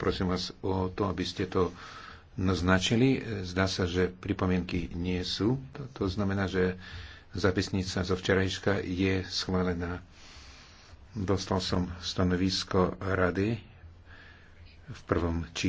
Poprosím vás o to, aby ste to naznačili. Zdá sa, že pripomienky nie sú. To, to znamená, že zapisnica zo včerajška je schválená. Dostal som stanovisko rady v prvom čítaní.